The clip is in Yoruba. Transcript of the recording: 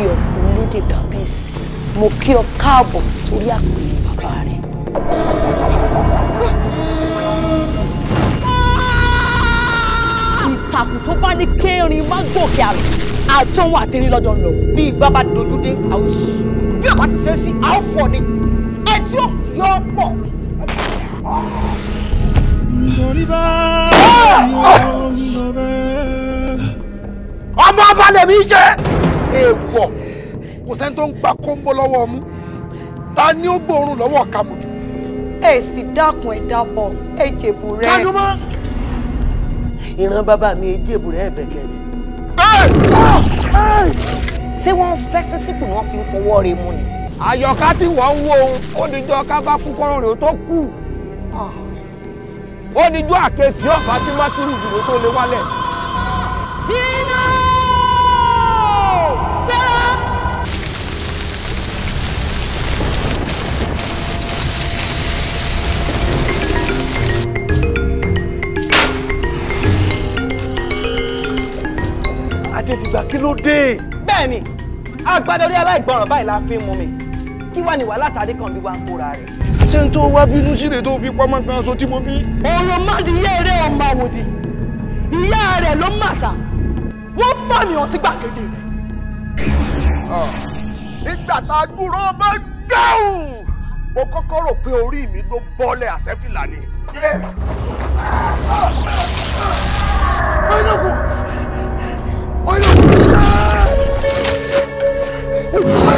kí ọ olédè kábíyèsí mo kí ọ káàbọ̀ sórí àpèrè bàbá rẹ. ìtàkùn tó bá ní kéèrín má gòkè àrùn àtọwọ àtẹrí lọ́jọ́ lọ. bí igbá bá dojú dé àwọn sí bí ọba sì ṣe sí àwọn fọ ni ẹ tí yọ ọ pọ. nítorí bá a yọ ọ ń bọ bẹ́ẹ̀. ọmọ ọba lèmi jẹ́ èèwọ̀ kò sẹ́ni tó ń gba kóńbó lọ́wọ́ ọmú ta ni ó gbóòórùn lọ́wọ́ kàmùjù. ẹ sì dákun ẹ dábọ̀ ẹ jèbù rẹ. kájú mọ́. ìran bàbá mi ẹ jèbù rẹ ẹ bẹ̀kẹ̀ mi. ṣé wọ́n ń fẹ́ sísìnkù ni wọ́n fi ń fọwọ́ rẹ mú ni. àyọ̀ká tí wọ́n ń wo ohun ó dijọ́ ká bá kú kọ́rọ̀ rẹ̀ ó tó kù ah. ó dijọ́ àkekèé sí mákìrì ìdìbò tó lé wálẹ̀. adédìgbà kí ló dé. bẹ́ẹ̀ni agbada orí aláìgbọràn báyìí la fi ń mú mi kí wàá ní wàhálà tàdé kan bí wàá ń kóra rẹ̀. ṣé n tó wá bínú sílẹ̀ tó fi pamọ́ kan aṣọ tí mo bí. ọ̀rọ̀ mádìyẹ eré ọmọ àwòdì ìyá rẹ̀ ló màsà wọ́n fàmì hàn sí gbàgede rẹ̀. Ah, nígbà tá a gbúrò bá dáhùn mo kọ́kọ́ rò pé orí mi tó bọ́lẹ̀ àṣẹ́fìlà ni. Oh!